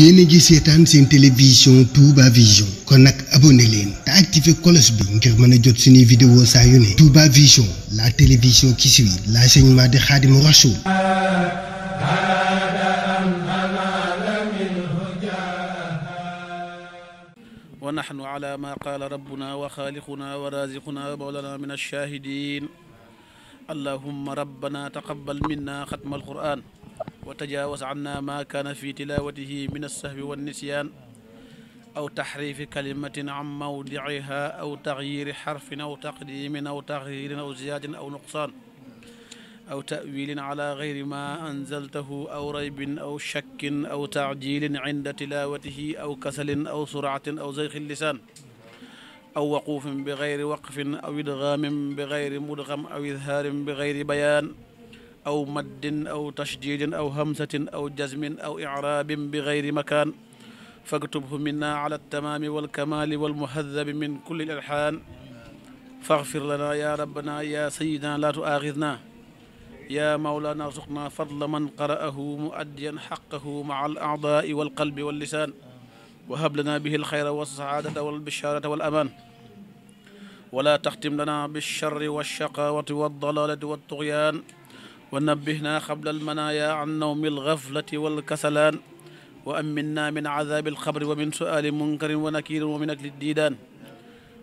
yéen a seen télévision Touba Vision kon nag abonné leen te activé cloche bi ngir mën jot suñuy vidéo saa yu ne Touba Vision la télévision qui suit l'enseignement de Khadimou Rassoul wa nahnu ala ma qaala rabbuna wa xaaliquna wa raziquna wa mawlana min ash-shahidin allahumma rabbana taqabbal minna xatma al-Qur'an wa tajaawaz anna ma kaana fi tilaawatihi min alsahwi wannisyan aw taxriifi kalimatin an mawdiciha aw taxyiri xarfin aw taqdimin aw taxirin aw ziyaadin aw nuqsaan aw tawilin ala geyri ma anzaltahu aw raybin aw shakkin aw taajilin cinda tilaawatihi aw kasalin aw suracatin aw zayxi lisaan aw waquufin bi geyri waqfin aw idgaamin bi geyri mudgam aw idhaarin bi geyri bayaan aw maddin aw tashdidin aw hamzatin aw jazmin aw i'rabin bi gayri makaan faktubhu minna ala altamaami walkamaali walmuhadabi min kulli alhaan faghfir lana ya rabbana ya sayidana la tu'akhidna ya mawlana arzuqna fadla man qara'ahu muaddiyan haqqahu ma'a al-a'daa'i walqalbi wallisaan wa hab lana bihi alkhayra wassaadata walbishaarata walamaan wala taxtim lana bilsharri walshaqaawati waddalaalati waltugyaan wa nabbihna qabla almanaya an nawmi alxaflati walkasalaan wa amminna min azaabi alxabri wa min su'aali munkarin wa nakiirin wa min akli diidaan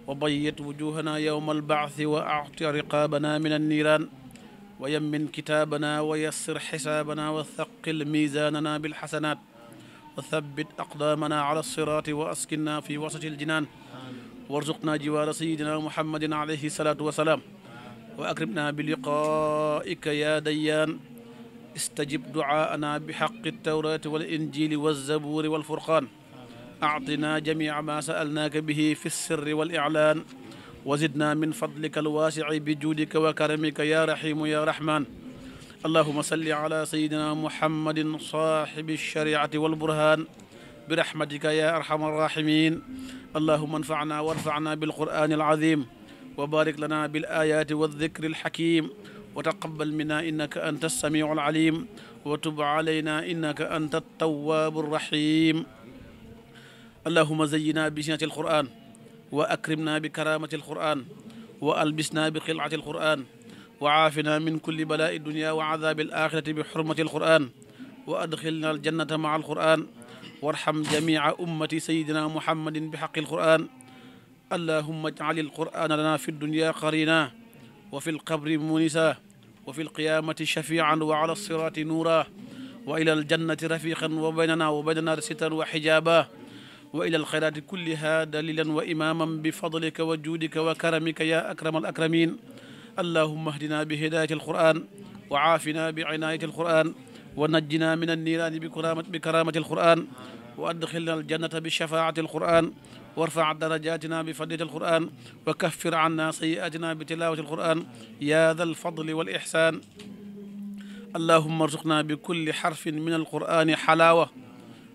wa dayyit wujuuhana yawma albacthi wa acti riqaabana min anniiraan wa yammin kitaabana wa yassir xisaabana wa thaqil miizaanana bilxasanaat wa thabbit aqdaamana ala siraati wa askinna fi wasati aljinaan warzuqna jiwaara sayidina muhammadin alayhi salaatu wa salaam wa akrimna bi liqaika ya dayyaan istajib duaana bi xaqi tawrati wal injili walzabuuri walfurqaan actina jamica ma saalnaaka bihi fi lsirri waliclaan wa zidna min fadlika alwaasici bi juudika wa karamika ya raximu ya raxmaan allahuma salli ala sayidina muhammadin saaxibi alshariati walburhaan bi raxmatika ya arxama arraximin allahuma anfacna warfacna bilqur'aani alcaziim wa barik lana bil ayaati wa dikri alxakim wa taqabal minna innaka anta alsamiu alalim wa tub alayna innaka anta altawaabu alrahim allahuma zayyina bi zinati alquran wa akrimna bi karamati alquran wa albisna bi xilati alquran wa caafina min kulli balaa'i dunya wa cadaabi alaaxirati bi xurmati alquran wa adxilna aljannata maca alquran warxam jamica ummati sayidina muhammadin bi xaqi alquran allahuma ajcal alqur'ana lana fi dunya qarina wa fi lqabri munisa wa fi lqiyamati shafian wa ala alsirati nuura wa ila aljannati rafiqan wa baynana wa bayna naari sitan wa xijaaba wa ila alxayraati kulliha dalilan wa imaman bifadlika wa juudika wa karamika ya akrama alakramin allahuma ahdina bihidayati alqur'an wa caafina bicinayati alqur'an wa najjina min alniiraani bikaramati alqur'an wa adxilna aljannata bishafaati alqur'an warfa darajatina bi fadlika alquran wa kaffir anna sayi'atina bi tilawati alquran ya dha alfadli wal ihsan allahumma arzuqna bi kulli harfin min alqurani halawa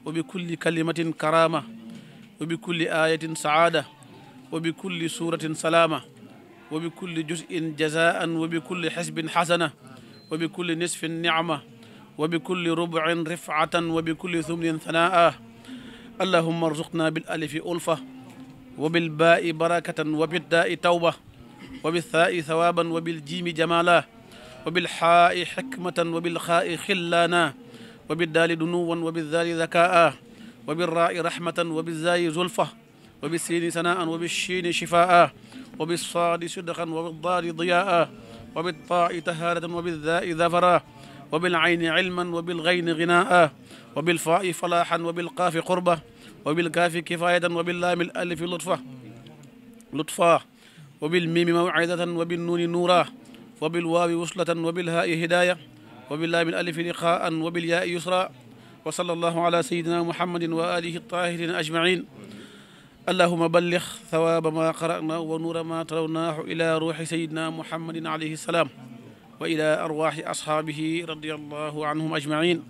wa bi kulli kalimatin karama wa bi kulli ayatin saada wa bi kulli suratin salama wa bi kulli juz'in jazaan wa bi kulli hisbin hasana wa bi kulli nisfin ni'ma wa bi kulli rub'in rif'atan wa bi kulli thumnin thanaa allahumma arzuqna bil alifi ulfa wa bil baa'i barakatan wa bid daa'i tawba wa bi thaa'i thawaaban wa bil jiimi jamaala wa bil xaa'i xikmatan wa bil xaa'i xillaana wa bi daali dunuwan wa bi zaali zakaa wa bi raa'i rahmatan wa bi zaayi zulfa wa bi siini sanaan wa bi shiini shifaa wa bi saadi sidqan wa bi daali diyaa wa bi taa'i tahaaratan wa bi zaa'i zafara wa bil ayni ilman wa bil gayni ginaa wa bil faa'i falaaxan wa bil qaafi qurba wa bil kaafi kifaayatan wa bil laamil alifi lutfa lutfa wa bil miimi mawcidatan wa bin nuuni nuura wa bil waawi wuslatan wa bil haa'i hidaaya wa bil laamil alifi liqaa'an wa bil yaa'i yusra wa sallallahu ala sayyidina muhammadin wa aalihi taahiriin ajmaciin allahuma ballig sawaaba maa qara'na wa nuura maa tarawnaahu ila ruuxi sayyidina muhammadin alayhi salaam wa ila arwaaxi ashaabihi radiyallahu anhum ajmaciin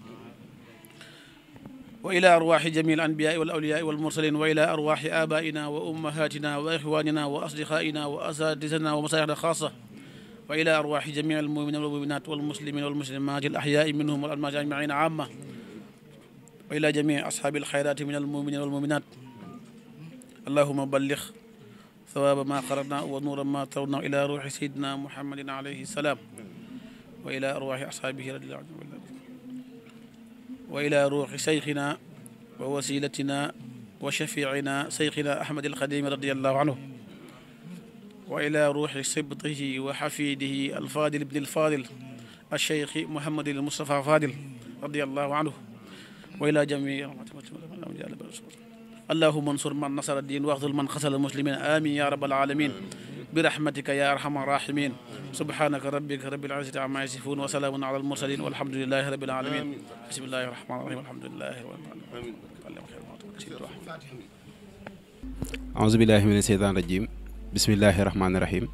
wa ila arwaxi jami al anbiyai wal awliyai wal mursalin wa ila arwaxi abaina wa ummahatina wa ixwanina wa asdiqaina wa asatisatina wa masaixna xaasa wa ila arwaxi jami al muminina wal muminat wal muslimin wal muslimat al ahyai minhum wal amwaat ajmaina amma wa ila jami ashaabi al xayrati min al muminin wal muminat allahuma ballig sawaaba ma qarana wa nuura ma tawna ila ruuxi sayidina muhammadin alayhi salaam wa ila arwaxi ashaabihi radiyallahu anhum wa ila ruuxi sayxina wa wasilatina wa shafiina sayxina ahmad alxadimi radiallahu anhu wa ila ruuxi sibtihi wa xafidihi alfadil ibni alfadil alcheikhi mohamad almustafa fadil radiallahu anhu wa ila jami allahuma ansur man nasara din waxdul man xasala muslimin amin ya rabbal alamin برحمتك يا أرحم الراحمين سبحانك ربك رب العزة عما يصفون وسلام على المرسلين والحمد لله رب العالمين بسم الله الرحمن الرحيم الحمد لله أعوذ بالله من الشيطان الرجيم بسم الله الرحمن الرحيم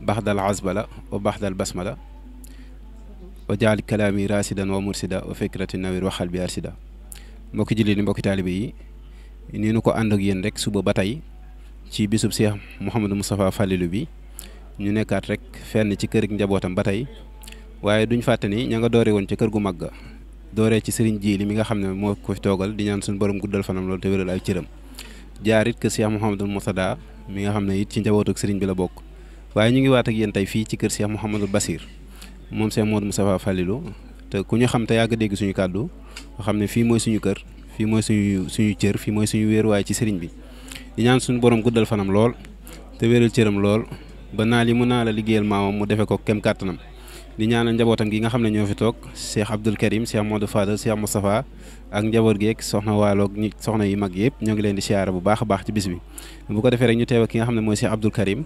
بعد العزبلة وبعد البسملة وجعل كلامي راسدا ومرسدا وفكرة النوير وخلبي أرسدا mbokki jullit yi mbokki taalibe yi ni nu ko ànd ak yéen rek suba ba tey ci bisub Cheikh Mouhamadou Moustapha Fallilou bi ñu nekkaat rek fenn ci kër njabootam ba tey waaye duñ fàtte ni ña nga doore woon ci kër gu mag dooree ci sëriñ ji mi nga xam ne moo ko fi toogal di ñaan suñu borom guddal fanam loolu te wéral ay cëram jaar it kër Cheikh Mouhamadou Mourtada mi nga xam ne it ci njabootu ak sëriñ la bokk waaye ñu ngi waat ak yéen tey fii ci kër Cheikh Mouhamadou Bassir moom Cheikh Modou Moustapha Fallilou te ku ñu xam te yàgg dégg suñu kàddu nga xam ne fii mooy suñu kër fii mooy suñu suñu cër fii mooy suñu wéeruwaay ci sëriñ bi di ñaan suñu borom guddal fanam lool te wéral cëram lool ba naa yi mu naa la liggéeyal maamam mu defe ko kem kàttanam di ñaanal njabootam gi nga xam ne ñoo fi toog Cheikh Abdoul Karim Cheikh Modou Fadal Cheikh Moustapha ak njaboot geeg soxna waaloog ñi soxna yi mag yëpp ñoo ngi leen di siyaara bu baax baax ci bis bi bu ko defee rek ñu teew ki nga xam ne mooy Cheikh Abdoul Karim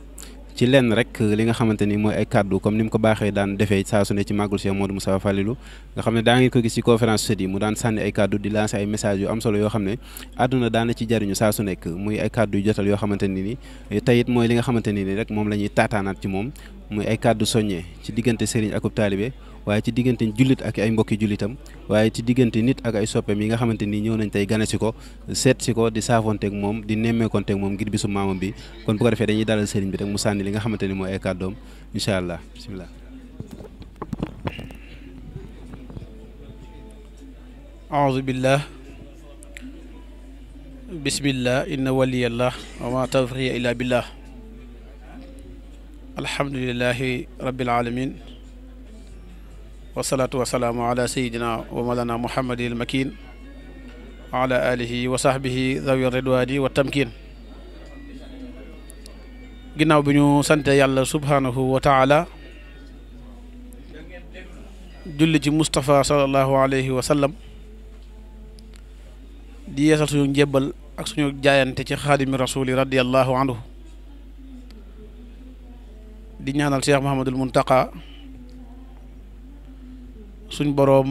ci lenn rek li nga xamante ni mooy ay kàddu comme ni mu ko baaxee daan defee saa su ne ci màggul Cheikh a Moussa Fallilou nga xam ne daa ngeen ko gis ci conférence yi mu daan sànni ay kàddu di lancer ay messages yu am solo yoo xam ne àdduna daana ci jariñu saa su nekk muy ay kàddu yu jotal yoo xamante ni nii tey it mooy li nga xamante ni nii rek moom la ñuy taataanaat ci moom muy ay kàddu soññee ci diggante sëriñ akub taalibe waaye ci diggante jullit ak ay mbokki jullitam waaye ci diggante nit ak ay soppeem yi nga xamante ni ñëw nañ tey gane si ko seet si ko di saafonteeg moom di nemmeekonteeg moom ngir bisu maamam bi kon bu ko defee dañuy rek mu sànni li nga xamante ni mooy ay kàddoom incha allah bisimilah. aouzu billah bismillah inna waliyallah wa wasalaatu wasalaamu ala sayidina wa malana muhammadil makin wa ala wa sahbihi zawi ridwaani wa tamkin ginnaaw bi ñu sante yàlla subhaanahu wa taala julli ci Moustapha sallallahu alayhi wa sallam di yeesal suñu njébbal ak suñu jaayante ci xaadimi rasuli radiallahu anhu di ñaanal Cheikh Mahamadul Muntaqa suñ boroom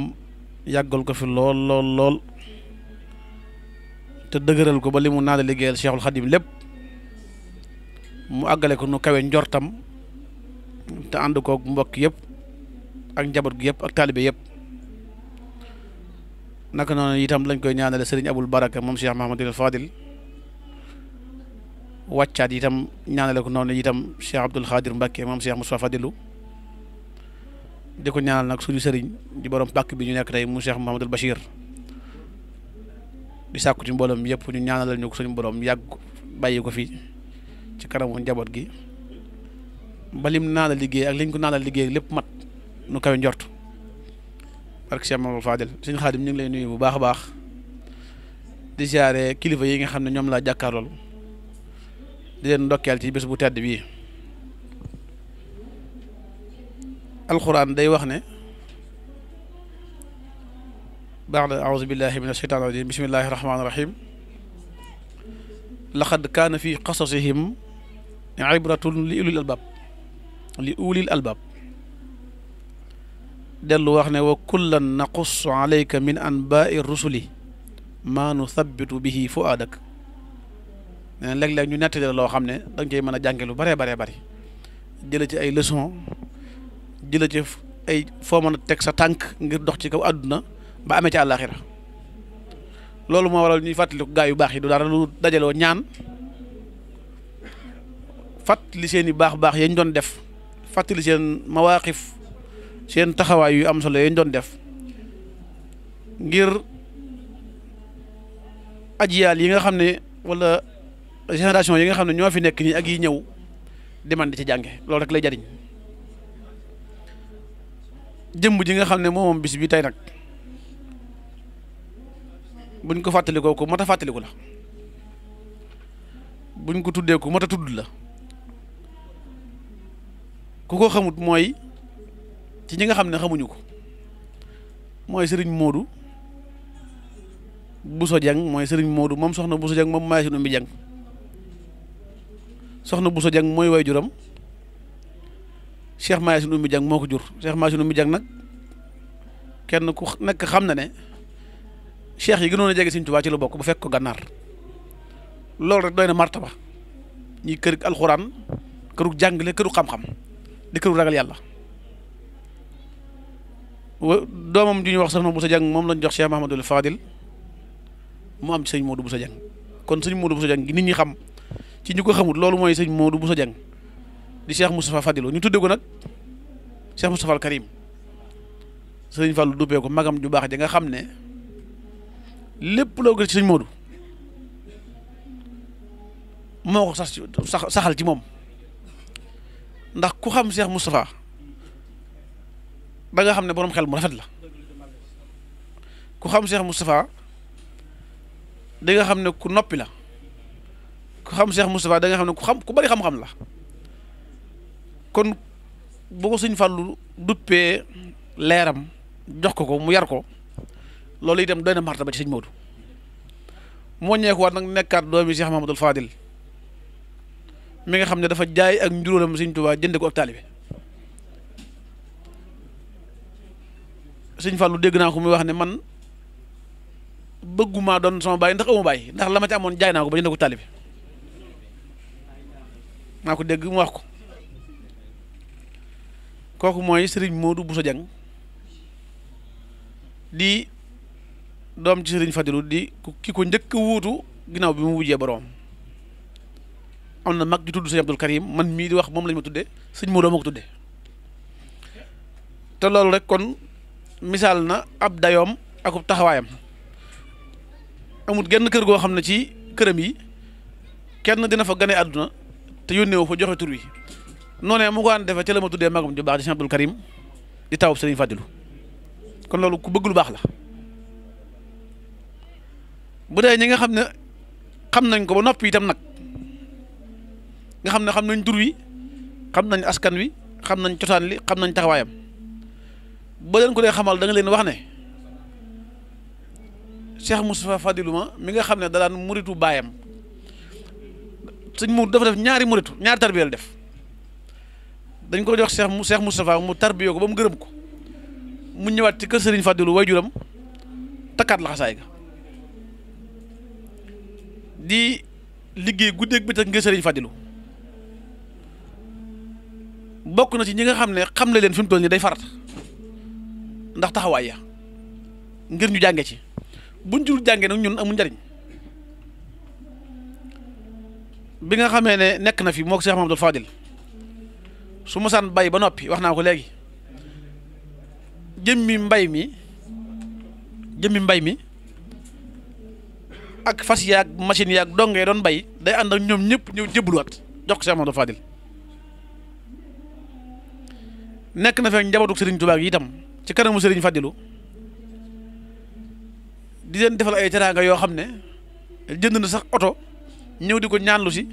yàggal ko fi lool lool lool te dëgëral ko ba li mu naa da liggéeyal Cheikhul Khadim lépp mu àggale ko nu kawe njortam te ànd koog mbokk yépp ak njaboot gi yëpp ak taalibe yëpp naka noonu itam lañ koy ñaanale sëriñ Abul Baraka moom Cheikh Mahamadul Fadil Fadilu di ko ñaanal nag suñu sëriñ di borom pàkk bi ñu nekk tey mu Cheikh Mouhamadul Bachir di sàkku ci mbooloom yëpp ñu ñaanalal ñu ko suñu borom yàgg bàyyi ko fi ci kanamu njaboot gi balim naa la liggéey ak liñ ko naa la liggéey lépp mat nu kawe njort barke Cheikh Mamadou Fadel suñu ñu ngi lay nuyu bu baax a baax di siyaare kilifa yi nga xam ne ñoom laa jàkkaarlool di leen ndokkeel ci bés bu tedd bii. alxuraan day wax ne baada auzu billahi min asheytaan rajim bismillahi rahmaani rahim laqad kaana fi qasasihim ibratun li ulil albaab li ulil albaab dellu wax ne wa kullan naqussu alayka min anbaai rusuli maa nu thabbitu bihi fuaadak nee léeg-léeg ñu nettali la loo xam ne danga cey mën a jànge lu bare bare bari jële ci ay leçon di la ci ay foo mën a teg sa tànk ngir dox ci kaw àdduna ba amee ci àllaaxira loolu moo waral ñuy fàttaliku gaa yu baax yi du dara lu dajaloo ñaan fàttali seen i baax baax yañ doon def fàttali seen mawaqif seen taxawaay yu am solo yañ doon def ngir ajiyaal yi nga xam ne wala génération yi nga xam ne ñoo fi nekk nii ak yi ñëw demande man di ci jànge loolu rek lay jariñ jëmb ji nga xam ne moomam bis bi tey nag buñ ko fàttalikoo ko mot a fàttaliku la buñ ko tuddee ko mot tudd la ku ko xamut mooy ci ñi nga xam ne xamuñu ko mooy sëriñ Modou Bousso Dieng mooy sëriñ Modou moom soxna buso Dieng moom maay sunu mbi Dieng soxna Bousso Dieng mooy waajuram Cheikh Massine Oumy Dieng moo ko jur Cheikh Massine Oumy Dieng nag kenn ku nekk xam na ne cheikh yi gënoon a jege Sëriñ Tuubaa ci lu bokk bu fekk ko gànnaar loolu rek doy na martaba ñi kër alxuraan këru jàngale këru xam-xam di këru ragal yàlla. doomam ju ñuy wax soxna Boussa Dieng moom lañ jox Cheikh Mahamadul Fadil mu am ci sëñ Modou Boussa Dieng kon sëñ Modou Boussa Dieng gi nit ñi xam ci ko xamul loolu mooy sëñ Modou Boussa Dieng di Cheikh Moustapha Fadilou ñu tudde ko nag Cheikh Moustapha al Karim sëriñ Fallou duppee ko magam ju baax ja nga xam ne lépp loo gis ci sëriñ Modou moo ko saxal ci moom ndax ku xam Cheikh Moustapha da nga xam ne borom xel mu rafet la ku xam Cheikh Moustapha da nga xam ne ku noppi la ku xam Cheikh Moustapha da nga xam ne ku xam ku bari xam-xam la kon bu ko suñ fàllu duppee leeram jox ko ko mu yar ko loolu itam doy na ba ci sëñ Moodu moo ñeekuwaat nag nekkaat doomi Cheikh Mahamadul Fadil mi nga xam ne dafa jaay ak njuróolam sëñ Tuubaa jënde ko ab taalibe sëñ Fàllu dégg naa ko muy wax ne man bëgguma doon sama baay ndax amu baay ndax la ma ci amoon jaay naa ko ba jënde ko taalibe maa ko dégg mu wax ko kooku mooy sëriñ Modou Bousso jang di doom ci sëriñ Fadilu di ki ko njëkk wuutu ginnaaw bi mu wujjee boroom am na mag ju tudd sëñ Abdul Karim man mii di wax moom lañ ma tudde sëñ Modou ma ko tudde te loolu rek kon misaal na ab dayoom akub taxawaayam amut genn kër goo xam ne ci këram yi kenn dina fa gane àdduna te yónnee wu fa joxe tur wi noonee mu ko daan defee ca la ma tuddee magam ju baax di Cheikh Abdoul Karim di tawub Serigne Fadilou kon loolu ku bëgg lu baax la bu dee ñi nga xam ne xam nañ ko ba noppi itam nag nga xam ne xam nañ tur wi xam nañ askan wi xam nañ cosaan li xam nañ taxawaayam ba leen ko dee xamal da leen wax ne Cheikh Moustapha Fadilou ma mi nga xam ne da daan muritu baayam sëñ mu dafa def ñaari muritu ñaari tarbiya def. dañ koy jox Cheikh mu Cheikh mu tarbiyoo ko ba mu gërëm ko mu ñëwaat ci kër Serigne Fadilou waajuram takkaat laxasaay ga di liggéey guddeeg bëccëg ngir Serigne Fadilou bokk na ci ñi nga xam ne xam na leen fi mu toll nii day farat ndax taxawaay ya ngir ñu jànge ci buñ jul jàngee nag ñun amul njariñ bi nga xamee ne nekk na fi moo ko Cheikh Mamadou Fadil su mosaan bay ba noppi wax naa ko léegi jëmmi mbay mi jëmmi mbay mi ak fas yaag machine yaag dongee doon bay day ànd ak ñoom ñëpp ñëw jëbluwaat jox ko Cheikh Amadou Fadil nekk na fekk njabootu Serigne Touba yi itam ci kanamu Serigne Fadilu di leen defal ay teraanga yoo xam ne jënd na sax oto ñëw di ko ñaanlu si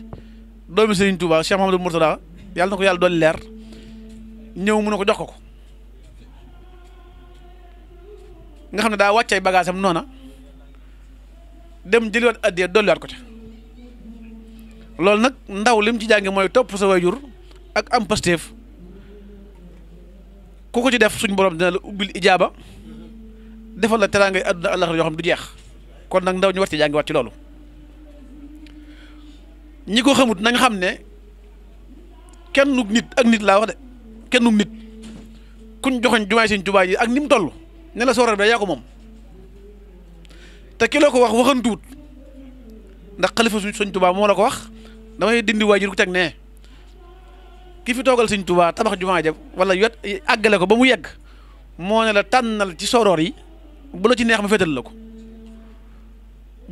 doomi Serigne Touba Cheikh Mamadou daa yàlla na ko yàlla dolli leer ñëw mu ne ko jox ko ko nga xam ne daa wàccay bagage noona dem jëliwaat addiya dolliwaat ko ca loolu nag ndaw lim ci jànge mooy topp sa waajur ak am pasteef ku ko ci def suñ borom dina la ubbil ijaaba defal la teraangay àdduna àllaxira yoo xam du jeex kon nag ndaw ñu war ci jàngiwaat ci loolu ñi ko xamut nañ xam ne kenn nu nit ak nit laa wax de kenn nit kuñ joxoñ jumaay sëñ Tuubaa ji ak ni mu toll ne la soorale yaa ko moom te ki ko wax waxantuwut ndax xalifa suñ tubaa Tuubaa moo la ko wax damay dindi waajur ku teg nee ki fi toogal sëñ tubaa tabax jumaa ja wala yot àggale ko ba mu yegg moo ne la tànnal ci soroor yi bu la ci neex ma féetal la ko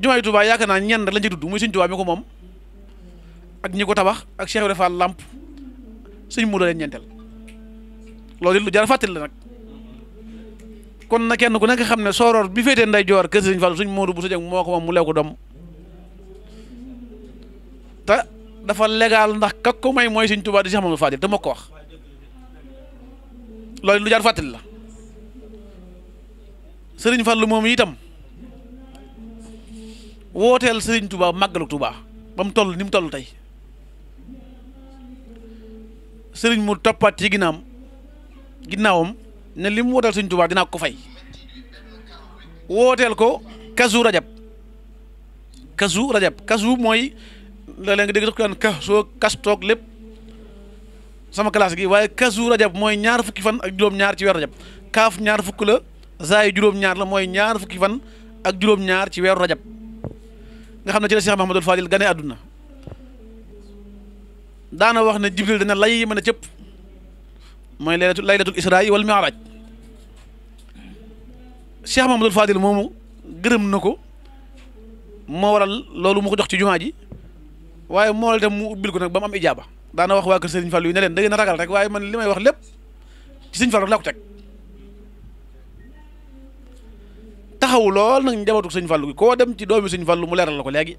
jumaay Tuubaa yaakaar naa ñenn lañ ci dudd muy sëñ Tuubaa mi ko moom ak ñi ko tabax ak Cheikh Ibrahima Fall làmp suñ mu leen ñeenteel loolu it lu jar fàttali la nag kon na kenn ku nekk xam ne sooroor bi féetee nday joor kër Sëriñ Fallu suñ Moodu bu sojang moo ko moom mu lew ko doom te dafa légal ndax kak ko may mooy Sëriñ tubaa di Seex Mamadu Faadil te moo ko wax loolu lu jar fàttali la Sëriñ Fallu moom itam wooteel Sëriñ tubaa màggalu Tuubaa ba mu toll ni mu toll tey sëriñ mu toppaat ci ginnaam ginnaawam ne li mu wooteel sëriñ Tuubaa dinaa ko fay wooteel ko kasu rajab kasu rajab kasu mooy la leen nga dégg daf ko daan ka soo kas toog lépp sama classe gi waaye kasu rajab mooy ñaar fukki fan ak juróom-ñaar ci weeru rajab ñaar fukk la zaayu juróom la mooy ñaar fukki fan ak juróom-ñaar ci weeru nga xam ne ci la Cheikh Mahamadul Fadil gane àdduna daana wax ne jibril na lay mën a cëpp mooy lay laylatul isra yi wal mi'raj cheikh mamadul fadil moomu gërëm na ko moo waral loolu mu ko jox ci jumaa ji waaye moo waral tam mu ubbil ko nag ba mu am ijaaba daana wax waa kër sëriñ Fallou yi ne leen da ngeen ragal rek waaye man li may wax lépp ci sëriñ Fallou laa ko teg taxaw lool nag njabootu sëriñ Fallou gi koo dem ci doomi sëriñ Fallou mu leeral la ko léegi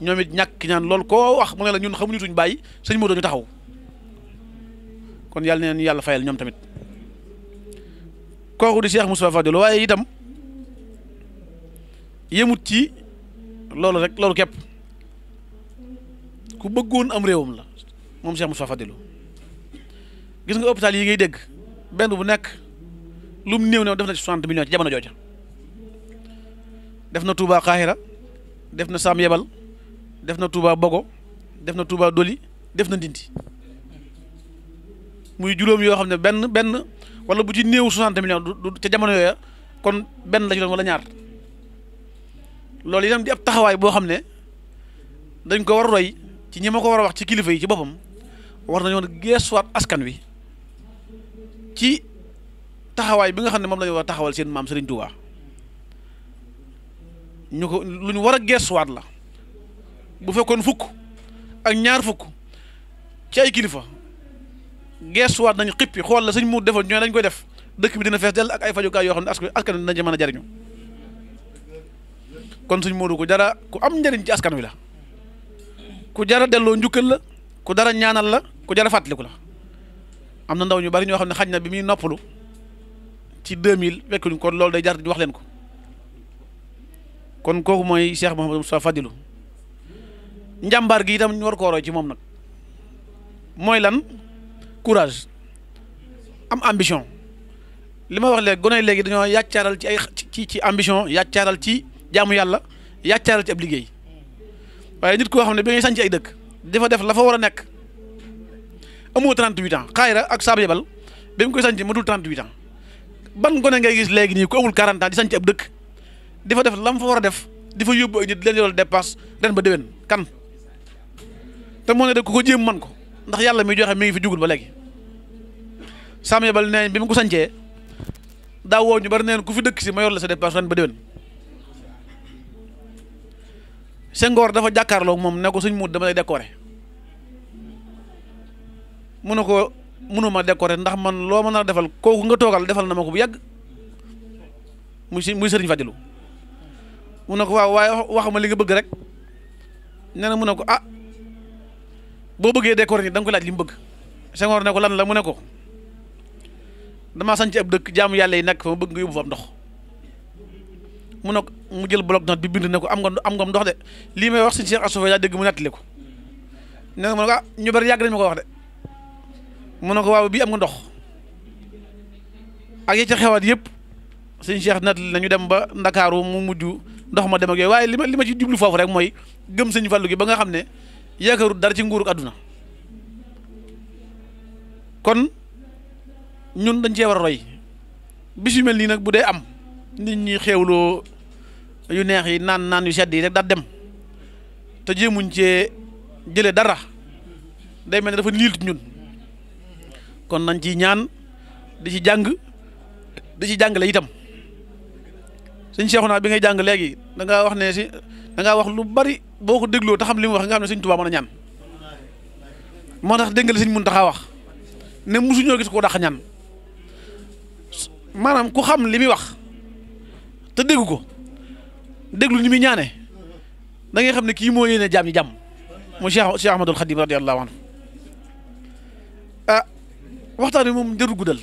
ñoom it ñàkk ñaan lool koo wax mu ne la ñun xamuñu suñ bàyyi sëñ Modou ñu taxaw kon yàlla na yàlla fayal ñoom tamit kooku di Cheikh Moustapha Fadil waaye itam yemut ci loolu rek loolu képp ku bëggoon am réewam la moom Cheikh Moustapha Fadil gis nga hôpital yi ngay dégg benn bu nekk lum néew ne def na ci soixante millions ci jamono jooja def na Touba Qahira def na Sam Yebal def na Touba Bogo def na Touba Doli def na Ndindi muy juróom yoo xam ne benn benn wala bu ci néewu 60 millions du ca jamono yooya kon benn la ci doon wala ñaar loolu itam di ab taxawaay boo xam ne dañ ko war a roy ci ñi ma ko war a wax ci kilifa yi ci boppam war nañoo geesuwaat askan wi ci taxawaay bi nga xam ne moom la ñu war a taxawal seen maam Serigne Touba ñu ko lu ñu war a geesuwaat la. bu fekkoon fukk ak ñaar fukk ci ay kilifa geesuwaat nañu xippi xool la sëñ mu defoon ñoo dañ koy def dëkk bi dina fees dell ak ay fajukaay yoo xam ne askan askan a jariñu kon sëñ Moodu ko jara ku am njëriñ ci askan wi la ku jara delloo njukkal la ku dara ñaanal la ku jara fàttaliku la am na ndaw ñu bari ñoo xam ne xaj na bi muy noppalu ci 2000 fekkuñ kon loolu day jar di wax leen ko kon kooku mooy Cheikh Mouhamadou Moustapha Fadilou njàmbaar gi tam ñu war ko roy ci moom nag mooy lan courage am ambition li ma wax léegi gone léegi dañoo yàccaaral ci ay ci ci ambition yàccaaral ci jaamu yàlla yàccaaral ci ab liggéey waaye nit koo xam ne bi ngay sànci ay dëkk dafa def la fa war a nekk amoo 38 ans xaayra ak saab yebal bi mu koy sànci matul 38 ans ban gone ngay gis léegi nii ku amul 40 ans dëkk dafa def la mu fa war a def di fa yóbbu ay nit leen yoral dépasse ren ba déwén kan te moo ne da ku ko jéem man ko ndax yàlla mi joxe mi ngi fi jugul ba léegi sàmm yebal nee bi mu ko sancee daa woo ñu bari neen ku fi dëkk si ma yor la sa dépense ren ba déwén dafa jàkkaarloo moom ne ko suñ muut dama lay décorer mu ne ko mënuma décorer ndax man loo mën a defal kooku nga toogal defal na ma ko bu yàgg muy si muy sëriñ Fadilu mu ne ko waaw waaye wax ma li nga bëgg rek nee na mu ne ko ah boo bëggee décorer ni da nga ko laaj li bëgg Senghor ne ko lan la mu ne ko damaa ab dëkk jaamu yàlla yi nekk fa ma bëgg nga yóbbu fa am ndox mu mu jël bloc note bi bind ne ko am nga am nga ndox de lii wax si Cheikh Assoufé dégg mu nettali ko nee ah, ñu bari yàgg nañ ko wax mu ne ko waaw bii am nga ndox ak yi xewaat yëpp suñu Cheikh nettali nañu dem ba ndakaaru mu ndox ma dem ak waaye li ma li ma ci jublu foofu rek mooy gëm sëñ Fallou gi ba nga xam ne. yaakaarut dara ci nguurug àdduna kon ñun dañ cee war a roy bis nag bu dee am nit ñi xewloo yu neex yi naan naan yu sedd yi rek daal dem te jéemuñ cee jëlee dara day mel ne dafa niilut ñun kon nañ ci ñaan di ci jàng di ci jàngale itam suñ seexu naa bi ngay jàng léegi da wax ne si da wax lu bari boo ko dégloo te xam li mu wax nga xam ne sëñ Tuubaa mën ñaan moo tax dégg nga li sëñ Muntaxa wax ne mosuñoo gis ko dàq ñaan maanaam ku xam li muy wax te dégg ko déglu ni muy ñaane da ngay xam ne kii moo yéene jaam ñi jàmm mu Cheikh Cheikh Ahmadul Xadim radiyallahu anhu ah waxtaan wi moom jarul guddal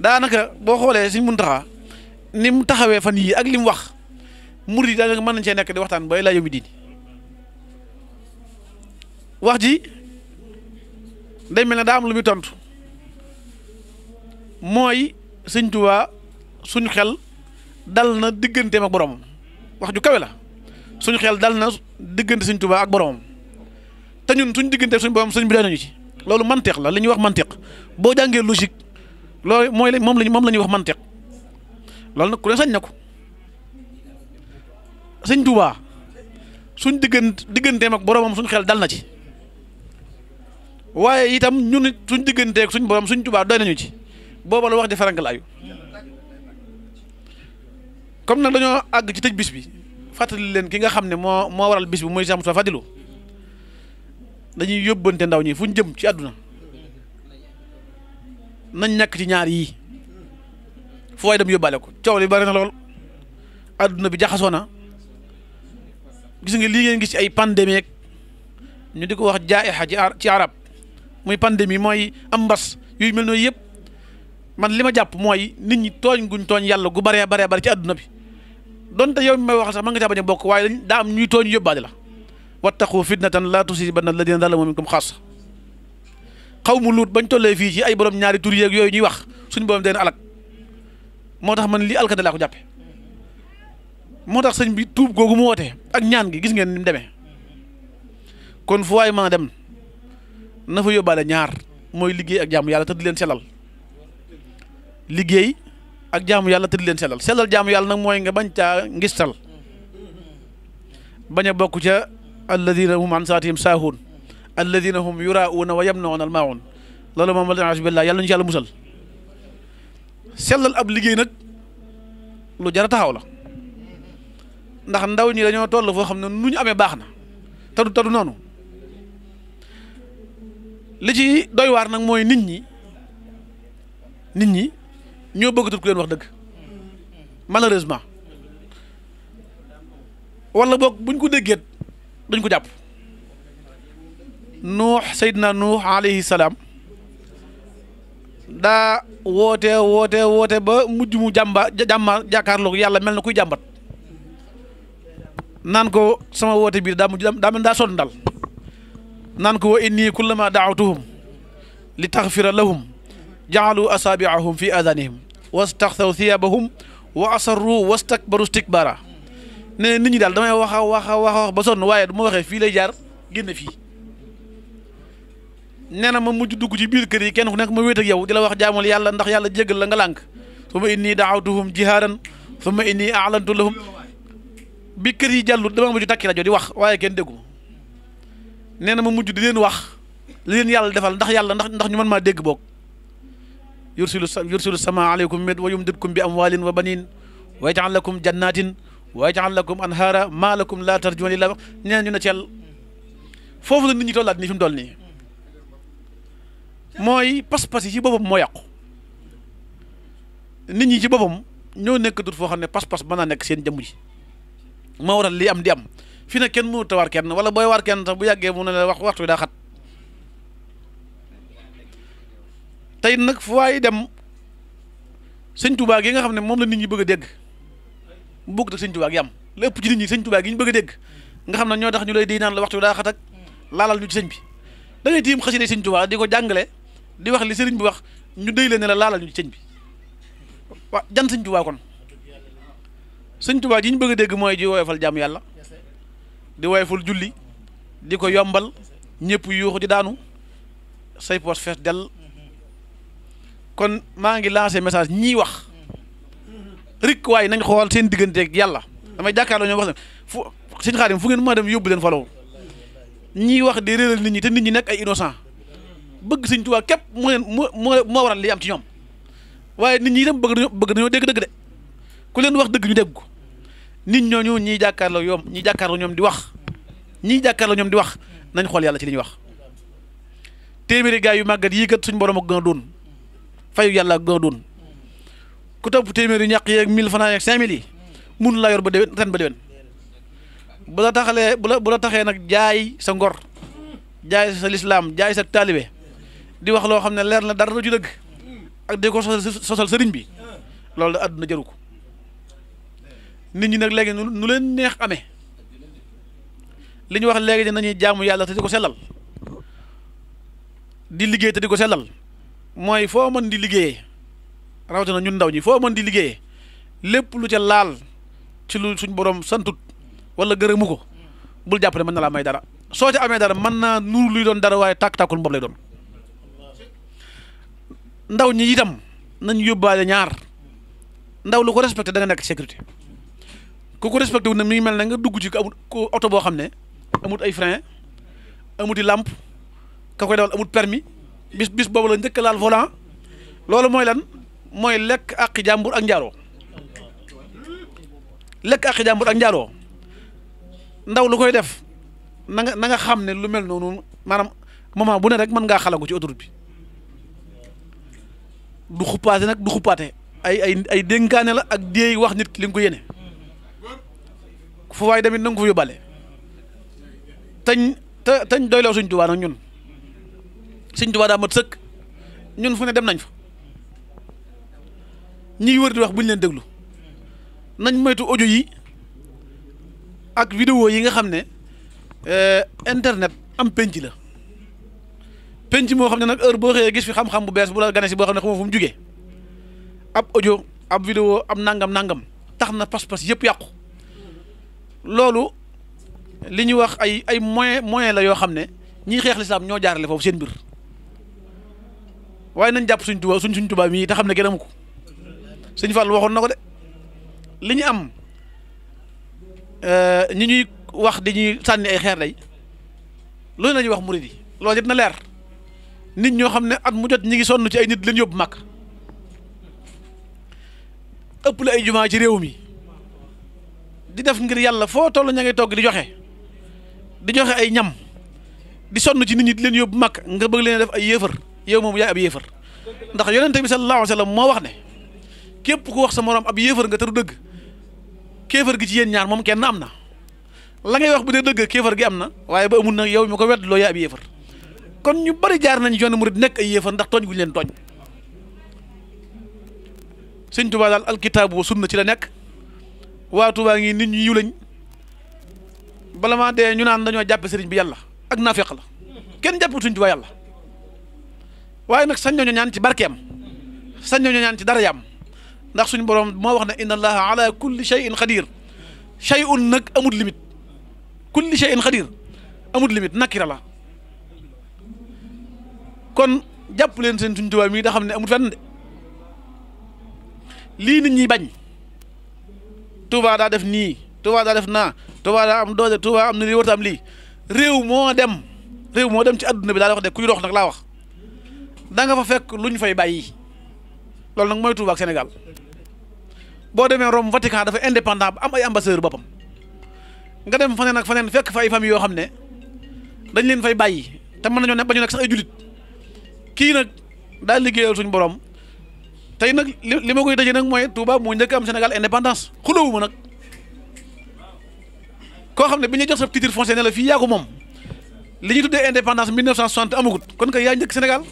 daanaka boo xoolee mun taxa ni mu taxawee fan yii ak li mu wax murid yi daanaka mën nañ cee nekk di waxtaan ba lay yóbbi diini wax ji day mel ne daa am lu muy tontu mooy sëñ Tuubaa suñu xel dal na digganteem ak boromam wax ju kawe la suñu xel dal na diggante sëñ tubaa ak boromam te ñun suñu digganteeg suñu boromam sëñ bi daanuñu ci loolu manteex la li ñuy wax manteex boo jàngee logique loolu mooy moom lañ moom la ñuy wax manteex loolu nag ku ne sañ na ko. sëñ Touba suñ diggante digganteem ak boromam suñ xel dal na ci waaye itam ñun suñ digganteeg suñ borom suñ tubaa doy nañu ci booba la wax di farank la comme nag dañoo àgg ci tëj bis bi fàttali leen ki nga xam ne moo moo waral bis bi mooy Cheikh Moustapha Fadilou dañuy yóbbante ndaw ñi fu ñu jëm ci àdduna nañ nekk ci ñaar yi foo waay dem yóbbaale ko coow li bari na lool àdduna bi jaxasoo na gis nga lii ngeen gis ci ay pandémie ñu di ko wax jaa jaaixa ci arab muy pandémie mooy am mbas yooyu mel noonu yëpp man li ma jàpp mooy nit ñi tooñ guñ tooñ yàlla gu baree bare bari ci àdduna bi doon yow mi may wax sax man nga caa bañ bokk waaye dañ daa am ñuy tooñ yóbbaale la wattaqu fitnatan laa tusibanna alladina zalamu minkum xaasa xaw mu luut bañ tollee fii ay borom ñaari tur yooyu ñuy wax suñu borom deen alak moo tax man lii alkande laa ko jàppe moo tax sëñ bi tuub googu mu woote ak ñaan gi gis ngeen ni mu demee kon fu waay mën dem na fa yóbbaale ñaar mooy liggéey ak jaamu yàlla te leen selal liggéey ak jaamu yàlla te leen selal selal jaamu yàlla nag mooy nga bañ caa ngistal bañ a bokk ca alladina hum an saatihim saahuun alladina hum yuraauuna wa yamnauna almaawun loolu moom la billah yàlla ñu ci yàlla musal sellal ab liggéey nag lu jar la ndax ndaw ñi dañoo toll foo xam ne nu ñu amee baax na tadu tadu noonu li ci doy waar nag mooy nit ñi nit ñi ñoo bëgg tut ku leen wax dëgg malheureusement wala boog buñ ko déggeet duñ ko jàpp nuux Seydina nuux alayhi salaam daa woote woote woote ba mujj mu jàmba jàmma jàkkaarloog yàlla mel na kuy jàmbat naan ko sama woote bii daa mujj daa mel daa sonn dal naan ko wa inni kullama daawtuhum li taxfira lahum jaalu asaabiahum fi adanihim wastaxsaw thiyabahum wa asarru wastakbaru stikbara ne nit ñi daal damay wax a wax a ba sonn waaye du ma waxee fii lay jaar génn fii nee na ma mujj dugg ci biir kër yi kenn ku nekk ma wéet ak yow di la wax jaamul yàlla ndax yàlla jéggal la nga lànk summa inni daawtuhum jihaaran summa inni aalantu lahum bi kër yi jàllut dama mujj takki rajo di wax waaye kenn déggu nee na ma mujj di leen wax li leen yàlla defal ndax yàlla ndax ndax ñu mën maa dégg boog yursilu yursilu sama aleykum med wa yumdidkum bi amwalin wa banin wa yaj'al lakum jannatin wa yaj'al lakum anhaara maa lakum laa tarjuuna lillaahi nee ñu a ceel foofu la nit ñi tollaat nii fi mu toll nii mooy pas-pas yi ci boppam moo yàqu nit ñi ci boppam ñoo nekk dut foo xam ne pas-pas mën naa nekk seen jëmm ji ma waral li am di am fi ne kenn mënut a war kenn wala booy war kenn sax bu yàggee mu ne la wax waxtu wi daa xat tey nag fu waay dem sëñ Tuubaa gi nga xam ne moom la nit ñi bëgg a dégg bokk ak sëñ Tuubaa gi am lépp ci nit ñi sëñ Tuubaa gi ñu bëgg a dégg nga xam ne ñoo tax ñu lay di naan la waxtu wi daa xat laalal ñu ci sëñ bi da ngay tiim xasida sëñ Tuubaa di ko jàngale di wax li sëriñ bi wax ñu déy leen ne laalal ñu ci sëñ bi waa jan sëñ Tuubaa sëñ tubaa ji ñu bëgg a dégg mooy ji woyofal jàmm yàlla di woyofal julli di ko yombal ñëpp yuuxu di daanu say poos fees dell mm-hmm. kon maa ngi lancé message ñii wax mm-hmm. rik waaye nañ xool seen digganteek yàlla mm-hmm. damay jàkkaarloo ñoom wax ne fu sëñ Xaadim fu ngeen mën dem yóbbu leen falaw ñii wax di réeral nit ñi te nit ñi nekk ay innocent bëgg sëñ tubaa képp mu leen mu moo waral li ci ñoom waaye nit ñi itam bëgg nañoo bëgg nañoo dégg dëgg de ku leen wax dëgg ñu dégg ko nit ñooñu ñii jàkkaarloo yoom ñii jàkkaarloo ñoom di wax ñii jàkkaarloo ñoom di wax nañ xool yàlla ci li ñuy wax téeméeri gaay yu màggat yi kat suñ borom ak gën a doon fayu yàlla ak gën a doon ku topp téeméeri ñàq yeeg mille francs yeeg yi mun laa yor ba déwén ren ba déwén bu la taxalee bu la la taxee nag jaay sa ngor jaay sa lislaam jaay sa taalibe di wax loo xam ne leer na dara du ci dëgg ak di ko sosal sëriñ bi loolu la àdduna ko nit ñi nag léegi nu leen neex amee li ñu wax léegi ne nañuy jaamu yàlla te di ko sellal di liggéey te di ko sellal mooy foo mën di liggéeye liggéeyee na ñun ndaw ñi foo mën di liggéeyee lépp lu ca laal ci lu suñ borom santut wala gërëmu ko bul jàpp ne mën na laa may dara soo ca amee dara mën naa nuur luy doon dara waaye tàkk-tàkkul mboob lay doon ndaw ñi itam nañ yóbbaale ñaar ndaw lu ko respecté danga nekk sécurité ku ko respecté wu ne mi ngi mel na nga dugg ci amut ku oto boo xam ne amut ay frein amuti làmp ka koy dawal amut permis bis bis boobu la njëkk laal volant loolu mooy lan mooy lekk àqi jàmbur ak njaaroo lekk àqi jàmbur ak njaaroo ndaw lu koy def nanga nga xam ne lu mel noonu maanaam moment bu ne rek mën ngaa xalangu ci autoroute bi du xuppaate nag du xuppaate ay ay ay dénkaane la ak déey wax nit ki li nga ko yéene fu waay damit nanga ko fa yóbbale teñ te teñ doyloo suñ tubaa nag ñun suñ tubaa daa mat sëkk ñun fu ne dem nañ fa ñiy wër di wax buñ leen déglu nañ moytu audio yi ak vidéo yi nga xam ne eh, internet am penc la penc moo xam ne nag heure boo xëyee gis fi xam-xam bu bees bu la gane si boo xam ne xamoo fu mu jugee ab audio ab vidéo am nangam nangam tax na pas-pas yëpp yàqu loolu li ñuy wax ay ay moyen moyen la yoo xam ne ñiy xeex lislaam ñoo jaarale foofu seen mbir waaye nañ jàpp suñ tuba suñ suñ tuba mii te xam ne kenn amu ko suñ fàll waxoon na ko de li ñu am euh, ñi ñuy wax di ñuy sànni ay xeer day loolu la ñuy wax mu yi loolu yëpp na leer nit ñoo xam ne at mu jot ñi ngi sonn ci ay nit leen yóbbu mag ëpp la ay jumaa ci réew mi di def ngir yàlla foo toll ña ngay togg di joxe di joxe ay ñam di sonn ci nit ñi di leen yóbbu mag nga bëgg leen def ay yéefar yow moom yaay ab yéefar ndax yonent bi sallallahu alayhi wa moo wax ne képp ku wax sa morom ab yéefar nga tëru dëgg kéefar gi ci yéen ñaar moom kenn am na la ngay wax bu dee dëgg kéefar gi am na waaye ba amul nag yow mi ko wedd loo yaay ab kon ñu bari jaar nañu yoonu murid nekk ay yéefar ndax tooñ guñu leen tooñ sëñ Tuubaa daal alkitaabu wa sunna ci la nekk waa ngi nit ñu yiw lañ bala maa dee ñu naan dañoo jàppe sariñ bi yàlla ak naafeq la kenn jàppee suñ Touba yàlla waaye nag sañ nañu ñaan ci barkeem sañ nañu ci dara yam ndax suñu borom moo wax ne inna allaha ala kulli shay'in qadir shay'un nag amul limite kulli shay'in qadir amul limite nakira la kon jàpp leen seen suñ Touba mii da xam ne amul fenn de lii nit ñi bañ. Touba daa def nii Touba daa def naa Touba daa am doole Touba am na lii warta am lii réew moo dem réew moo dem ci àdduna bi daa wax de kuy dox nag laa wax da nga fa fekk lu ñu fay bàyyi loolu nag mooy Touba Sénégal boo demee Rome Vatican dafa indépendant am ay ambassadeur boppam nga dem faneen ak faneen fekk fa ay famille yoo xam ne dañ leen fay bàyyi te mën nañoo ne ba ñu nekk sax ay julit kii nag daal liggéeyal suñu borom. tey nag li li ma koy tëjee nag mooy Touba moo njëkk am Sénégal indépendance xulóowu ma nag koo xam ne bi ñu jox sa titre foncier ne la fii yaa ko moom li ñuy tuddee indépendance 1960 amagut kon kay yaa njëkk Sénégal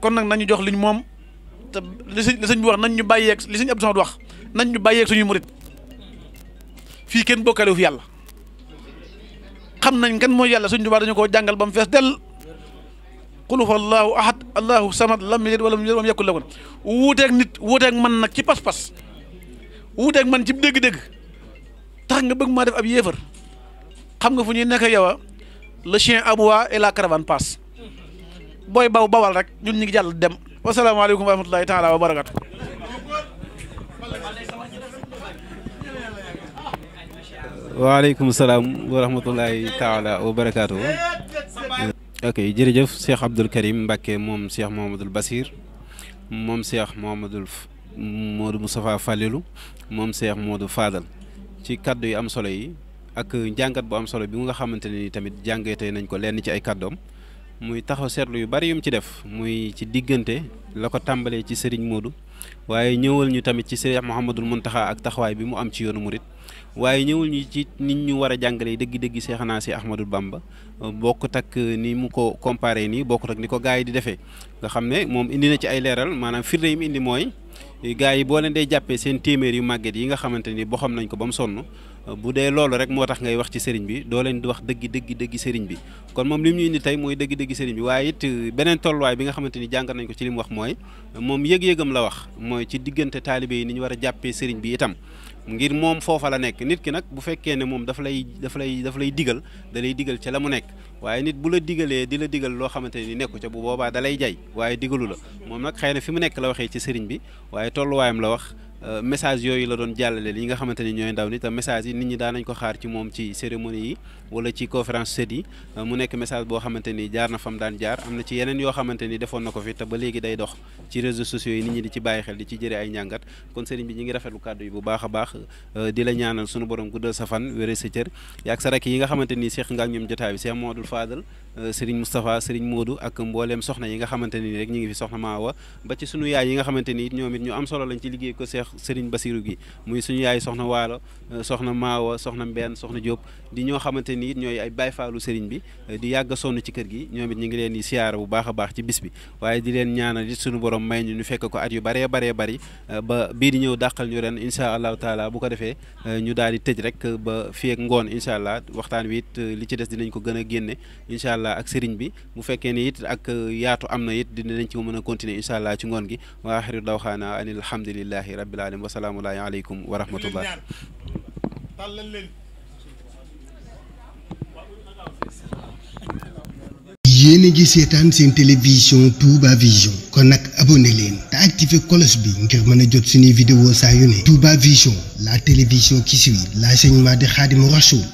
kon nag nañu jox liñ moom te li sëñ li sëñ nañ ñu bàyyeeg li sëñ Abdou Samad wax nañ ñu bàyyeeg suñuy murit fii kenn bokkalewu fi yàlla xam nañ kan mooy yàlla suñ Touba dañu koo jàngal ba mu fees dell. qul huwa allahu ahad allahu samad lam yalid walam yulad walam yakul lahu wuuteeg nit wuuteeg man nag ci pas-pas wuuteeg man ci dégg-dégg tax nga bëgg maa def ab yéefar xam nga fu ñuy nekk yow a le chien aboie et la caravane passe booy baw bawal rek ñun ñu ngi jàll dem wasalaamaaleykum wa rahmatulahi taala wa barakatu wa rahmatulahi taala wa barakatu ok jërëjëf Cheikh Abdoul Karim Mbacke moom Cheikh Mohamadul basiir moom Cheikh Mohamadul Modou Moustapha Fallilou moom Cheikh moodu Fadal ci kàddu yu am solo yi ak njàngat bu am solo bi mu nga xamante ne ni tamit jàngatee nañ ko lenn ci ay kàddoom muy taxaw seetlu yu bari yum ci def muy ci diggante la ko tàmbalee ci Serigne Modou waaye ñëwal ñu tamit ci Cheikh Mouhamadul Mountakha ak taxawaay bi mu am ci yoonu murit waaye ñëwul ñu ci nit ñu war a jàngalee dëgg-dëgg Seexanaa si Ahmadou Bamba euh, bokkut ak euh, ni mu ko comparé nii bokkut ak ni ko gars yi di defee nga xam ne moom indi na ci ay leeral maanaam firnde yi mu indi mooy eh, gars yi boo leen dee jàppee seen téeméer yu nga xamante ni boo xam nañ ko ba mu sonn euh, bu dee loolu rek moo tax ngay wax ci sëriñ bi doo leen di wax dëgg dëgg dëgg sëriñ bi kon moom li mu ñu indi tey mooy dëgg dëgg sëriñ bi waaye it beneen tolluwaay bi nga xamante ni jàngat nañ ko ci li mu wax mooy moom yëg-yëgam la wax mooy ci diggante taalibe yi ni ñu war a jàppee sëriñ bi itam ngir moom foofa la nekk nit ki nag bu fekkee ne moom dafa lay dafa lay dafa lay digal da digal ca la mu nekk waaye nit bu la digalee di la digal loo xamante ni nekku ca bu boobaa dalay lay jay waaye digalu la moom nag xëy na fi mu nekk la waxee ci sëriñ bi waaye tolluwaayam la wax euh, message yooyu la doon jàllale li nga xamante ni ñooy ndaw ni te message yi nit ñi daanañ ko xaar ci moom ci cérémonie yi wala ci conférence sedi euh, mu nekk message boo xamante ni jaar na fam daan jaar am na ci yeneen yoo xamante ni defoon na ko fi te ba léegi day dox ci réseaux sociaux yi nit ñi di ci bàyyi xel di ci jëre ay njàngat kon sëriñ bi ñi ngi rafetlu yi bu a euh, nga xamante ni seex nga ak ñoom jotaay bi seex Modou Fadal euh, sëriñ Moustapha sëriñ Modou ak mbooleem soxna yi nga xamante ni rek ñu ngi fi soxna Maawa ba ci sunu yaay yi nga xamante ni it ñoom it ñu am solo lañ ci liggéey ko seex sëriñ Basiru gi muy suñu yaay soxna Waalo soxna Maawa soxna Mbenn soxna Diop di ñoo xamante ni it ñooy ay bayfaalu sëriñ bi eh, di yàgg a sonn ci kër gi ñoom it ñu ngi leen di siyaara bu baax a baax ci bis bi waaye di leen ñaanal it suñu borom may ñu ñu fekk ko at yu baree baree bari eh, ba bii di ñëw dàqal ñu ren incha allahu taala bu ko defee eh, ñu daal di tëj rek ba fii ngoon incha allah waxtaan wi it li ci des dinañ ko gën a génne incha allah ak sëriñ bi mu fekkee ni it ak yaatu am na it dina dinañ ci mën a continuer incha allah ci ngoon gi wa axiru dawxaana anil hamdulillahi rabbil alamin wasalaamu aleykum wa rahmatullah tàllal leen yéen a ngi seetaan seen télévision Touba Vision kon nag abonné leen te activé cloche bi ngir mën jot suñuy video saa yu ne Touba Vision la télévision qui suit l'enseignement de Khadimou Rassoul